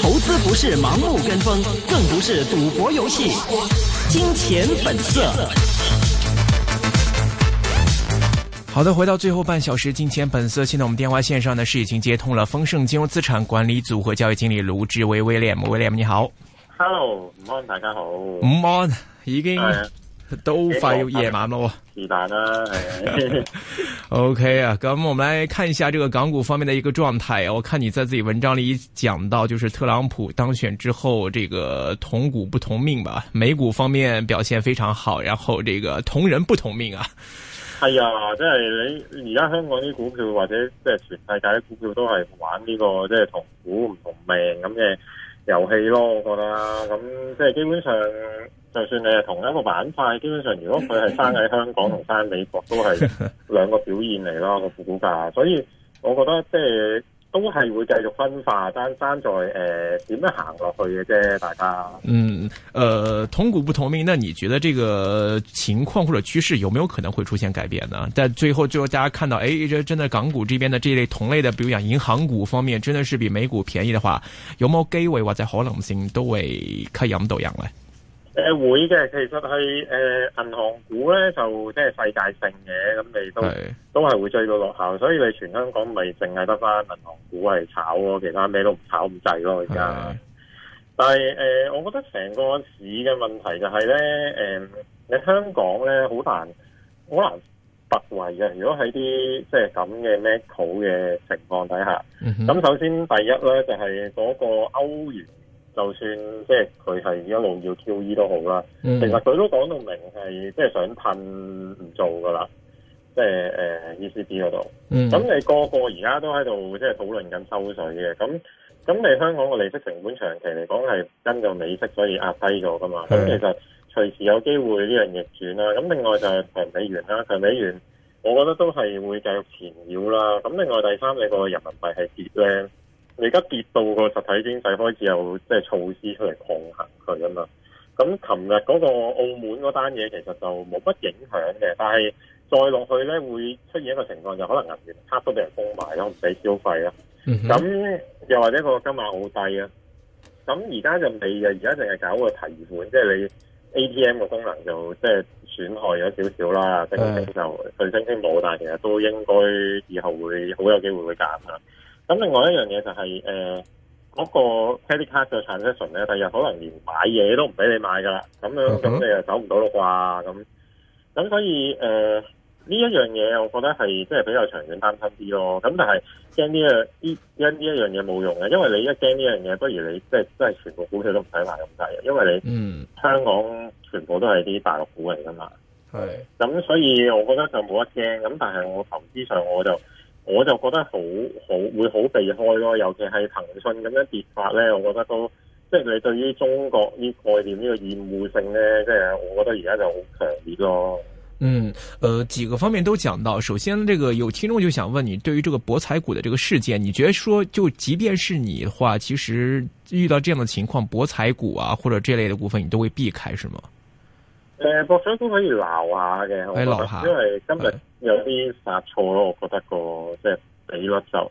投資不是盲目跟風，更不是賭博遊戲。金錢本色。 好的，回到最後半小時，金錢本色。現在我們電話線上呢是已經接通了豐盛金融資產管理組合交易經理盧志威，William，William，你好。Hello，午安。大家好。午安。已經。都快要夜晚了，啊，是但啦，哎。OK 啊，咁、 okay, 我們來看一下這個港股方面的一個狀態。我看你在自己文章裏講到，就是特朗普當選之後，這個同股不同命吧。美股方面表現非常好，然後這個同人不同命啊。係啊，即、就、係、是、你而家香港啲股票或者即係全世界啲股票都係玩呢，這個即係、就是、同股唔同命咁嘅遊戲咯，我覺得，咁即係基本上。就算你係同一個板塊，基本上如果佢係生喺香港同生喺美國，都係兩個表現嚟咯個股價。所以我覺得即係都係會繼續分化，單單在誒點樣行落去嘅啫。大家嗯，誒、呃、同股不同命。那你覺得這個情況或者趨勢有沒有可能會出現改變呢？但最後最後，大家看到，哎，真真的港股這邊的這類同類的，比如講銀行股方面，真的是比美股便宜的話，有冇機會或者可能性都會吸引到人咧？誒會嘅，其實係誒、呃、銀行股咧就即係世界性嘅，咁你都是都係會追到落後，所以你全香港咪淨係得翻銀行股係炒咯，其他咩都唔炒咁滯咯而家。但係誒、呃，我覺得成個市嘅問題就係、是、咧，誒、呃，你香港咧好難好難突圍嘅。如果喺啲即係咁嘅 macro 嘅情況底下，咁、嗯、首先第一咧就係、是、嗰個歐元。就算即係佢係一路要 QE 都好啦、嗯，其實佢都講到明係即係想噴唔做噶啦，即係誒 ECB 嗰度。咁、嗯、你個個而家都喺度即係討論緊收水嘅，咁咁你香港個利息成本長期嚟講係跟到美息，所以壓低咗噶嘛。咁其實隨時有機會呢樣逆轉啦、啊。咁另外就係強美元啦、啊，強美元我覺得都係會繼續纏繞啦。咁另外第三你個人民幣係跌咧。而家跌到個實體經濟開始有即係措施出嚟抗衡佢啊嘛，咁琴日嗰個澳門嗰單嘢其實就冇乜影響嘅，但係再落去咧會出現一個情況，就可能銀聯卡都俾人封埋咯，唔俾消費啦、啊。咁、嗯、又或者個金額好低啊。咁而家就未啊，而家淨係搞一個提款，即係你 ATM 嘅功能就即係損害咗少少啦。上升就上升升冇，但係其實都應該以後會好有機會會減啊。咁另外一樣嘢就係誒嗰個 credit card 嘅 cancellation 咧，第日可能連買嘢都唔俾你買噶啦，咁樣咁、uh -huh. 你又走唔到啦啩？咁咁所以誒呢、呃、一樣嘢，我覺得係即係比較長遠擔心啲咯。咁但係驚呢呢一樣嘢冇用嘅，因為你一驚呢樣嘢，不如你即係、即係即係、全部股票都唔使買咁滯嘅，因為你、mm. 香港全部都係啲大陸股嚟噶嘛。咁、mm. 所以我覺得就冇得驚。咁但係我投資上我就。我就覺得好好會好避開咯，尤其係騰訊咁樣跌法咧，我覺得都即係你對於中國呢概念，這個，性呢個厭惡性咧，即係我覺得而家就好強烈咯。嗯，呃，幾個方面都講到，首先呢，這個有聽眾就想問你，對於這個博彩股的這個事件，你覺得說就即便是你的話，其實遇到這樣的情況，博彩股啊或者這類的股份，你都會避開，是嗎？誒、呃，博上都可以撈下嘅，因為今日有啲殺錯咯，我覺得個即係比率就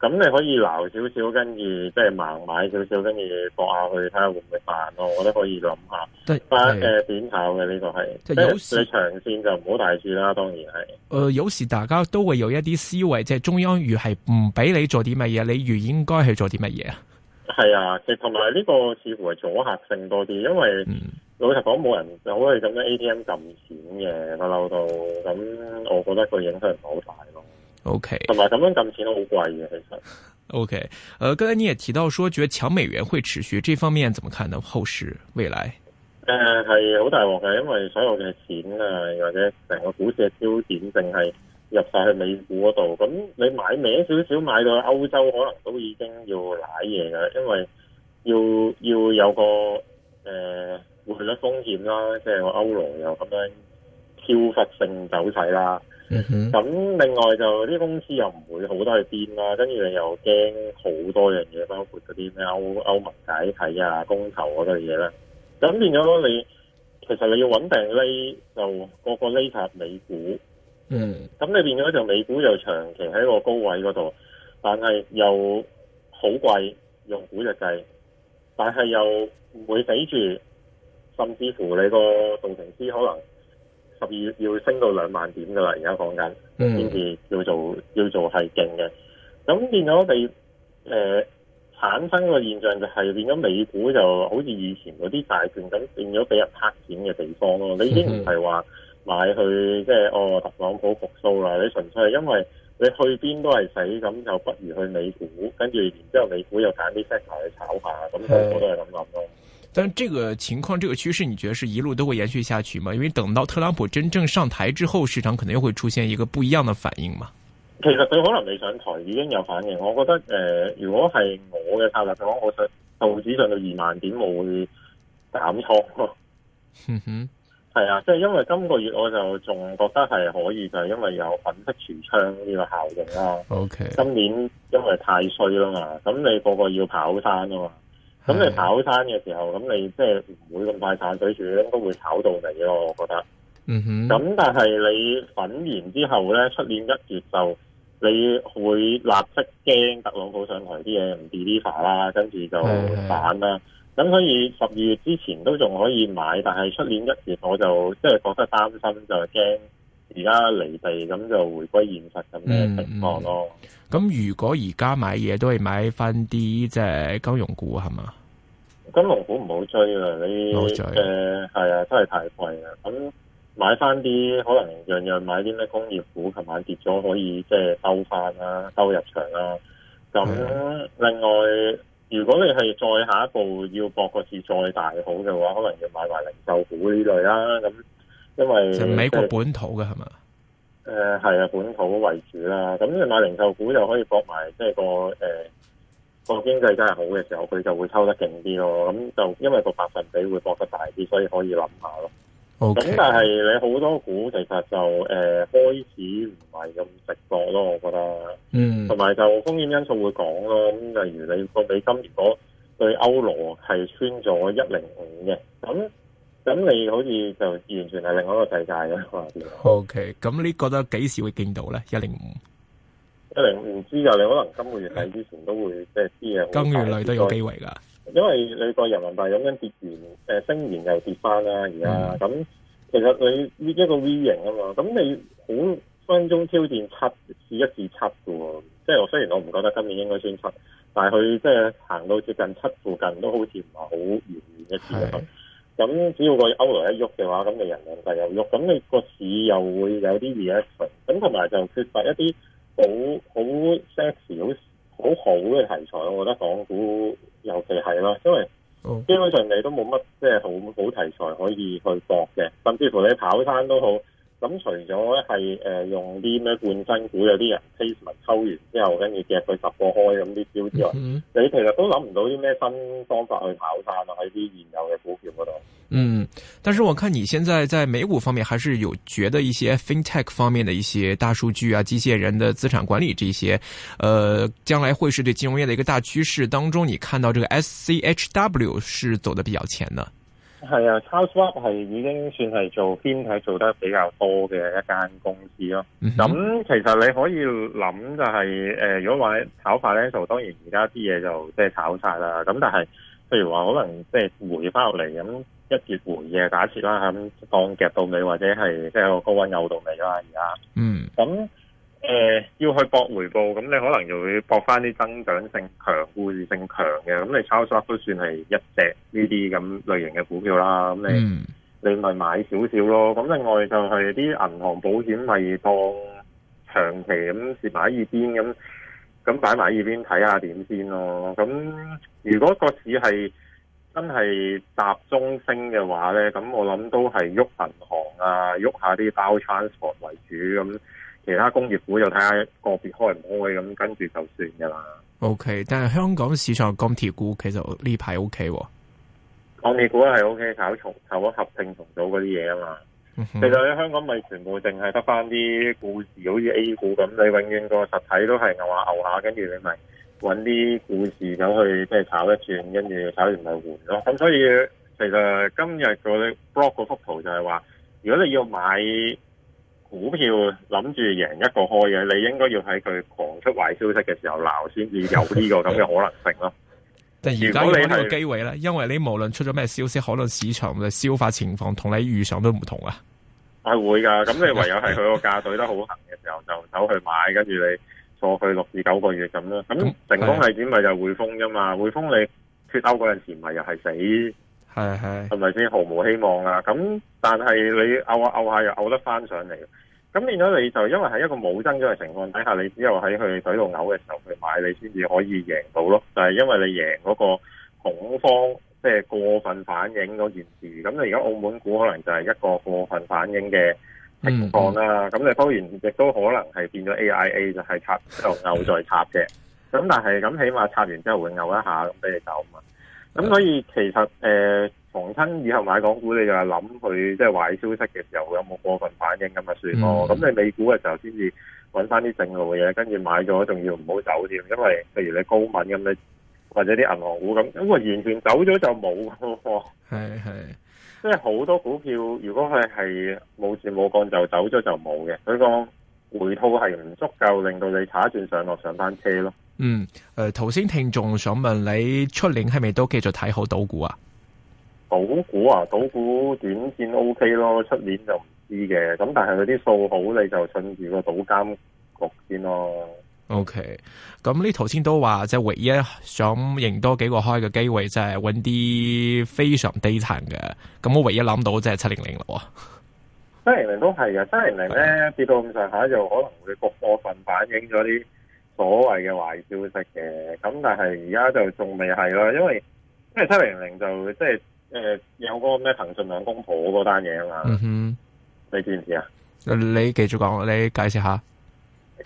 咁，你可以撈少少，跟住即係盲買少少，跟住博下去睇下會唔會賺咯。我覺得可以諗下。即係誒，短炒嘅呢個係，即係長線就唔好大注啦。當然係。誒、呃，有時大家都會有一啲思維，即係中央如係唔俾你做啲乜嘢，你如應該去做啲乜嘢啊？係啊，其實同埋呢個似乎係阻嚇性多啲，因為，嗯老實講，冇人可以咁樣 A T M 撳錢嘅，佢漏到咁，我覺得個影響唔係好大咯。O K，同埋咁樣撳錢都好貴嘅，其實。O、okay. K，呃，剛才你也提到說，覺得搶美元會持續，這方面怎麼看呢？後市未來？誒、呃，係好大鑊嘅，因為所有嘅錢啊，或者成個股市嘅焦點，淨係入晒去美股嗰度。咁你買名少少，買到歐洲，可能都已經要瀨嘢噶，因為要要有個誒。呃會有風險啦，即係歐羅又咁樣飄忽性走勢啦。咁、mm -hmm. 另外就啲公司又唔會好多去變啦，跟住又驚好多樣嘢，包括嗰啲咩歐歐盟解體啊、公投嗰類嘢咧。咁變咗你其實你要穩定呢就個個匿晒美股，嗯、咁你變咗就美股又長期喺一個高位嗰度，但係又好貴用股就計，但係又唔會俾住。甚至乎你個道瓊斯可能十二月要升到兩萬點噶啦，而家講緊，先至叫做叫做係勁嘅。咁變咗你哋誒、呃、產生個現象就係變咗美股就好似以前嗰啲債券咁，變咗俾人泊錢嘅地方咯。嗯、你已經唔係話買去即係、就是、哦，特朗普復甦啦。你純粹係因為你去邊都係死，咁就不如去美股，跟住然之後美股又揀啲 sector 去炒一下，咁、嗯、好、那個、都係咁諗咯。但係這個情況，這個趨勢，你覺得是一路都會延續下去嗎？因為等到特朗普真正上台之後，市場肯定會出現一個不一樣的反應嘛？其實佢可能未上台已經有反應。我覺得誒、呃，如果係我嘅策略嚟講，我想道指上到二萬點我會減倉。哼、嗯、哼，係啊，即係因為今個月我就仲覺得係可以，就係因為有粉飾櫥窗呢個效應啦、啊。OK，今年因為太衰啦嘛，咁你個個要跑山啊嘛。咁你跑山嘅時候，咁你即係唔會咁快賺水錢，都會炒到你咯。我覺得，嗯哼。咁但係你粉完之後咧，出年一月就你會立即驚特朗普上台啲嘢唔 deliver 啦，跟住就反啦。咁、嗯、所以十二月之前都仲可以買，但係出年一月我就即係覺得擔心，就驚而家離地咁就回歸現實咁嘅情況咯。咁、嗯嗯、如果而家買嘢都係買翻啲即係金融股係嘛？金龍股唔好追啦，你誒係、呃、啊，真係太貴啦。咁、嗯、買翻啲可能樣樣買啲咩工業股，琴晚跌咗可以即係收翻啦，收入場啦。咁、啊嗯、另外，如果你係再下一步要博個字再大好嘅話，可能要買埋零售股呢類啦。咁、嗯、因為、就是、美國本土嘅係咪？誒、呃、係啊，本土為主啦。咁、嗯、你買零售股又可以博埋即係個誒。呃個經濟真係好嘅時候，佢就會抽得勁啲咯。咁就因為個百分比會博得大啲，所以可以諗下咯。咁、okay. 但係你好多股其實就誒、呃、開始唔係咁直覺咯，我覺得。嗯。同埋就風險因素會講咯。咁例如你個美金如果對歐羅係穿咗一零五嘅，咁咁你好似就完全係另外一個世界啦。O K。咁、okay. 你覺得幾時會見到咧？一零五？一零唔知啊，你可能今個月底之前都會，即係啲嘢。今月嚟都有機會噶，因為你個人民幣咁樣跌完，誒升完又跌翻啦，而家咁，其實你一個 V 型啊嘛，咁你好分分鐘挑戰七至一至七噶，即係我雖然我唔覺得今年應該穿七，但係佢即係行到接近七附近都好似唔係好遙遠嘅事。咁只要個歐羅一喐嘅話，咁你人民幣又喐，咁你個市又會有啲 reaction，咁同埋就缺乏一啲。好好 sexy 好好好嘅題材，我覺得港股尤其係咯，因為基本上你都冇乜即係好好題材可以去搏嘅，甚至乎你跑山都好。咁除咗咧，係誒用啲咩半新股有啲人 pat 抽完之後，跟住夾佢十個開咁啲招之外，你其實都諗唔到啲咩新方法去跑散啊！喺啲現有嘅股票嗰度。嗯，但是我看你現在在美股方面，還是有覺得一些 FinTech 方面嘅一些大數據啊、機械人的資產管理這些，呃，將來會是對金融業的一個大趨勢當中你、嗯，看你，在在啊呃、當中你看到這個 SCHW 是走得比較前的。係啊，house swap 係已經算係做偏睇，做得比較多嘅一間公司咯。咁、mm -hmm. 其實你可以諗就係、是，誒、呃，如果話炒快呢當然而家啲嘢，就即係炒晒啦。咁但係譬如話可能即係回翻落嚟咁一跌回嘅假設啦，咁當夾到尾或者係即係個高溫拗到尾啦，而家嗯咁。誒、呃，要去搏回報，咁你可能就會搏翻啲增長性強、故事性強嘅，咁你抄 short 都算係一隻呢啲咁類型嘅股票啦。咁你、嗯、你咪買少少咯。咁另外就係啲銀行保險，咪當長期咁試擺喺一邊，咁咁擺埋喺一邊睇下點先咯。咁如果個市係真係集中升嘅話咧，咁我諗都係喐銀行啊，喐下啲包 transport 為主咁。其他工業股就睇下個別開唔開咁，跟住就算噶啦。OK，但係香港市場的鋼鐵股其實呢排 O K 喎。鋼鐵股係 O K，炒重、炒合併同東西、重組嗰啲嘢啊嘛。其實咧，香港咪全部淨係得返啲故事，好似 A 股咁，你永遠個實體都係牛下牛下，跟住你咪搵啲故事走去即係炒一轉，跟住炒完咪換咯。咁所以其實今日個 blog 幅圖就係話，如果你要買股票諗住贏一個開嘅，你應該要喺佢狂出壞消息嘅時候鬧，先至有呢個咁嘅可能性咯。 即係如果你呢個機會咧，因為你無論出咗咩消息，可能市場嘅消化情況同你預想都唔同啊。係會噶，咁你唯有係佢個價對得好行嘅時候，就走去買，跟住你坐去六至九個月咁咯。咁成功係點咪就匯豐啫嘛？匯豐你脫歐嗰陣時咪又係死。係係，係咪先毫無希望啊？咁但係你拗下拗下又嘔得翻上嚟，咁變咗你就因為係一個冇增長嘅情況底下，你只有喺佢啟度嘔嘅時候去買，你先至可以贏到咯。就係、是、因為你贏嗰個恐慌，即、就、係、是、過分反應嗰件事。咁你而家澳門股可能就係一個過分反應嘅情況啦、啊。咁、嗯嗯、你當然亦都可能係變咗 AIA 就係插之後嘔再插嘅。咁 但係咁起碼插完之後會嘔一下，咁俾你走啊嘛。咁所以其實誒，重、呃、新以後買港股，你就諗佢即係壞消息嘅時候有冇過分反應咁啊算咯。咁、嗯、你美股嘅時候先至搵翻啲正路嘅嘢，跟住買咗，仲要唔好走添。因為譬如你高敏咁，你或者啲銀行股咁，咁啊完全走咗就冇，係係，即係好多股票，如果佢係冇事冇乾就走咗就冇嘅。佢個回吐係唔足夠，令到你踩轉上落上翻車咯。嗯，誒、呃，頭先聽眾想問你出年係咪都繼續睇好賭股，股啊？賭股啊，賭股短線 O K 咯，出年就唔知嘅。咁但係佢啲數好，你就趁住個賭監局先咯。O K，咁呢頭先都話即係唯一想贏多幾個開嘅機會，即係搵啲非常低殘嘅。咁我唯一諗到即係七零零咯。七零零都係啊，七零呢七零咧跌到咁上下，就可能會個過分反映咗啲。所謂嘅壞消息嘅，咁但係而家就仲未係啦，因為七零零就即係誒有嗰個咩騰訊兩公婆嗰單嘢，啊嘛，你知唔知啊？你繼續講，你解釋下。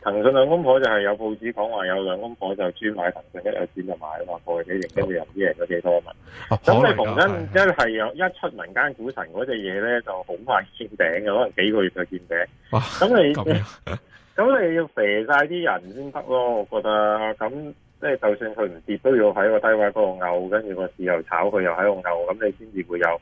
騰訊兩公婆就係有報紙講話有兩公婆就專買騰訊，一有錢，就買啊嘛，破咗幾零，跟住又啲人又幾多啊嘛。咁你逢真、啊、一係有一出民間股神嗰隻嘢咧，就好快見頂嘅，可能幾個月就見頂。哇！咁你？ 咁你要肥晒啲人先得咯，我覺得咁即係，就算佢唔跌都要喺個低位嗰度嘔，跟住個市又炒佢又喺度嘔，咁你先至會有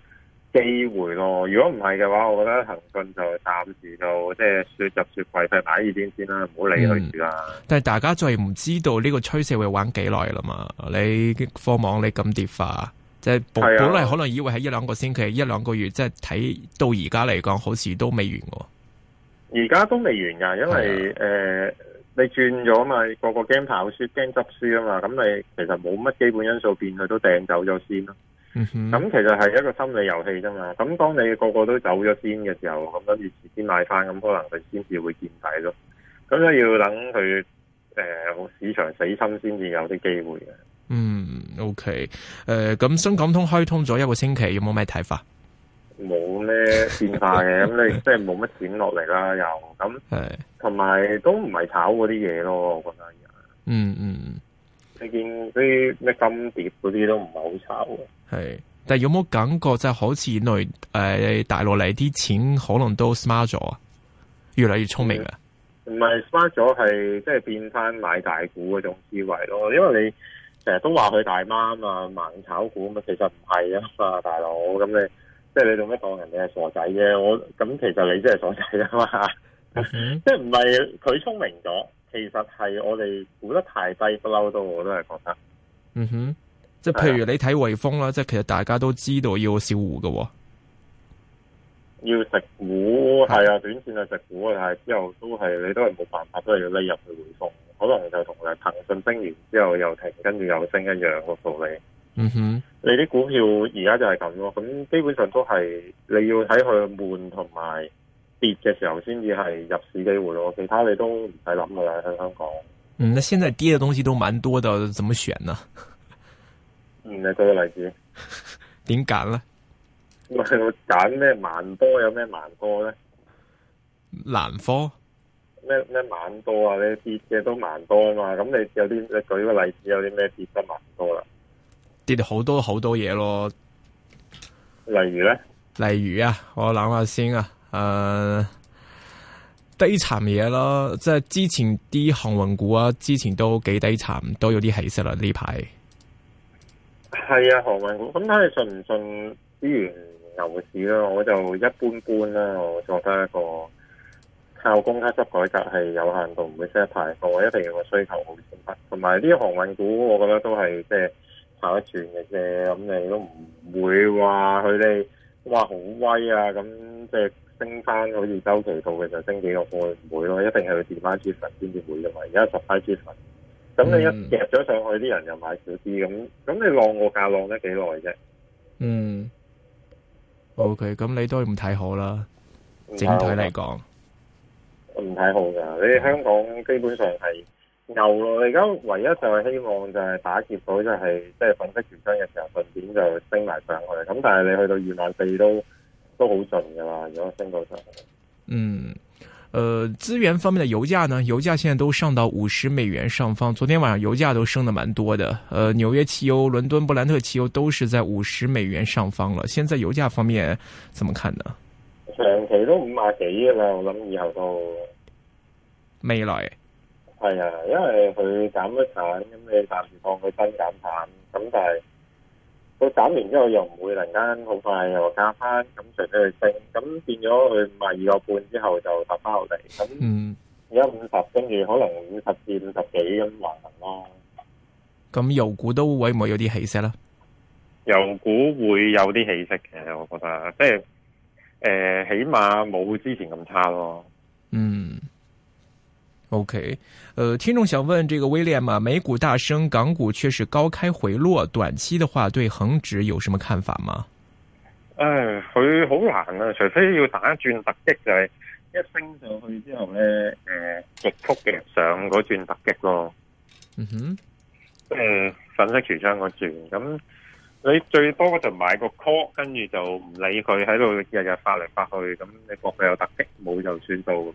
機會咯。如果唔係嘅話，我覺得騰訊就暫時就即係雪入雪櫃，擺埋一邊先啦，唔好理佢而家。但係大家再唔知道呢個趨勢會玩幾耐啦嘛？你科網你咁跌化，即係本本嚟可能以為喺一兩個星期、啊、一兩個月，即係睇到而家嚟講，好似都未完喎。而家都未完噶，因為誒、啊呃，你轉咗嘛，個個驚跑輸，驚執輸啊嘛，咁你其實冇乜基本因素變訂，佢都掟走咗先咯。咁其實係一個心理遊戲啫嘛。咁當你個個都走咗先嘅時候，咁跟住先買翻，咁可能佢先至會見底咯。咁都要等佢誒、呃，市場死心先至有啲機會嘅。嗯，OK，誒，咁、呃、深港通開通咗一個星期，有冇咩睇法？冇咩變化嘅，咁 你即係冇乜錢落嚟啦，又 咁，同埋都唔係炒嗰啲嘢咯，我覺得。嗯嗯，你見啲咩金碟嗰啲都唔係好炒啊。係，但有冇感覺就係、是、好似內誒大陸嚟啲錢可能都 smart 咗，越嚟越聰明啦。唔係 smart 咗，係即係變翻買大股嗰種思維咯。因為你成日都話佢大媽啊，盲炒股咁啊，其實唔係啊嘛，大佬咁你。即係你做咩講人哋係傻仔啫？我咁其實你真係傻仔啦嘛， 嗯、即係唔係佢聰明咗，其實係我哋估得太低不嬲都，我都係覺得，嗯哼，即係譬如你睇匯豐啦，即係其實大家都知道要小戶㗎喎，要食股係啊，短線去食股，但係之後都係你都係冇辦法，都係要匿入去匯豐，可能就同你騰訊升完之後又停，跟住又升一樣個道理。嗯哼，你啲股票而家就係咁咯，咁基本上都係你要睇佢悶同埋跌嘅時候先至係入市機會咯，其他你都唔使諗噶啦喺香港。嗯，那現在跌嘅東西都蠻多的，怎麼選、啊、 選，了 選麼麼呢？嗯、啊，你舉個例子，點揀咧？我揀咩蠻多有咩蠻多咧？南方咩咩蠻多啊？你跌嘅都蠻多啊嘛？咁你有啲你舉個例子，有啲咩跌得蠻多啦？跌好多好多嘢咯，例如咧，例如啊，我諗下先啊，誒、呃，低殘嘢囉，即係之前啲航運股啊，之前都幾低殘，都有啲起色啦呢排。係啊，航運股，咁睇你信唔信資源牛市啦，我就一般般啦。我覺得一個靠供給側改革係有限度，唔會 set 牌，我一定要個需求好先得。同埋呢啲航運股，我覺得都係即係。跑一轉嘅啫，咁你都唔會話佢哋話好威啊！咁即係升翻好似周期套嘅就升幾個波唔會咯，一定係佢跌翻股份先至會嘅嘛。而家十番股份，咁你一夾咗上去，啲人又買少啲，咁咁你晾個價晾得幾耐啫？嗯，嗯，OK，咁你都唔睇好啦，啊，整體嚟講，我唔睇好㗎。你香港基本上係。牛咯！而家唯一就係希望就係打劫到，就係即係粉飾櫥窗嘅時候，順便就升埋上去。咁但係你去到二萬四都都好盡噶啦，如果升到上去。嗯，誒、呃，資源方面嘅油價呢？油價現在都上到五十美元上方。昨天晚上油價都升得蠻多嘅。誒、呃，紐約期油、倫敦布蘭特期油都是在五十美元上方了。現在油價方面，怎麼看呢？長期都五廿幾噶啦，我諗以後到未來。係啊，因為佢減一產，咁你暫時放佢增減產，咁但係佢減完之後，省省後，省省後，省省後又唔會突然間好快又加翻，咁隨佢升，咁變咗佢五十二個半之後就搭翻落嚟，咁而家五十，跟住可能五十至五十幾咁還行咯。咁、嗯、油股都會唔會有啲起色啦？油股會有啲起色嘅，我覺得，即係誒、呃，起碼冇之前咁差咯。嗯。O、okay. K，呃，聽眾想問這個威廉嘛？美股大升，港股卻是高開回落，短期的話對恒指有什麼看法嗎？唉、哎，佢好難啊，除非要打一轉突擊就係一升上去之後咧，誒、呃，逐幅嘅上嗰轉突擊咯。嗯哼，誒、嗯，粉飾櫥窗嗰轉，咁你最多就買個 call，跟住就唔理佢喺度日日發嚟發去，咁你搏佢有突擊冇就算數咁。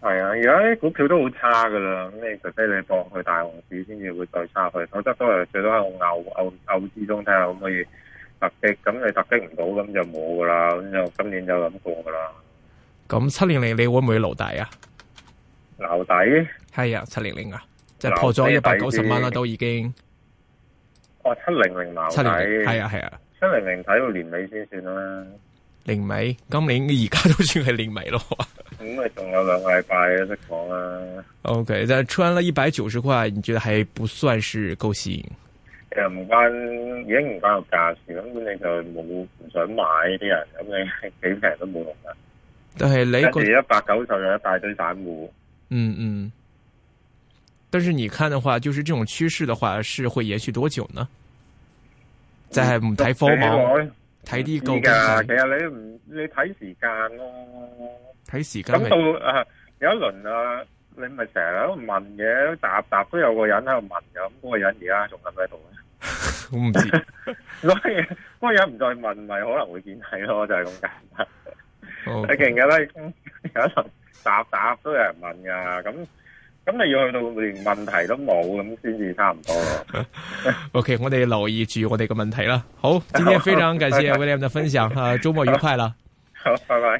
係啊，而家啲股票都好差噶啦，咁你除非你放去大紅市先至會再差去，否則都係最多係牛牛牛之中睇下可唔可以突擊，咁你突擊唔到，咁就冇噶啦，咁就今年就咁過噶啦。咁七零零你會唔會留底啊？留底？係啊，七零零啊，即係破咗一百九十蚊啦，都已經。哦，七零零留底？係啊係啊，七零零睇到年尾先算啦。年尾，今年而家都算係年尾咯。咁咪仲有兩個禮拜都識講啦。O、okay, K，但係穿咗一百九十塊，你覺得還不算是夠吸引，其實又唔關，已經唔關個價錢，咁你就冇唔想買呢啲人，咁你幾平都冇用噶。但係，跟住一百九十就一大堆散戶。嗯嗯。但是你看的話，就是這種趨勢的話，是會延續多久呢？就係唔睇科網。睇啲高噶，其實你唔你睇時間咯、啊，睇時間。咁到啊有一輪啊，你咪成日喺度問嘅，答答都有人、那個人喺度問嘅，咁嗰個人而家仲喺喺度咧？我唔知，所以嗰個人唔再問，咪可能會見係咯，就係、是、咁簡單。你見嘅咧，有一輪答答都有人問噶，咁。咁你要去到連問題都冇咁先至差唔多咯。 OK，我哋留意住我哋嘅問題啦。好，今天非常感謝 William 嘅分享，吓、 啊，周末愉快啦。 好，拜拜。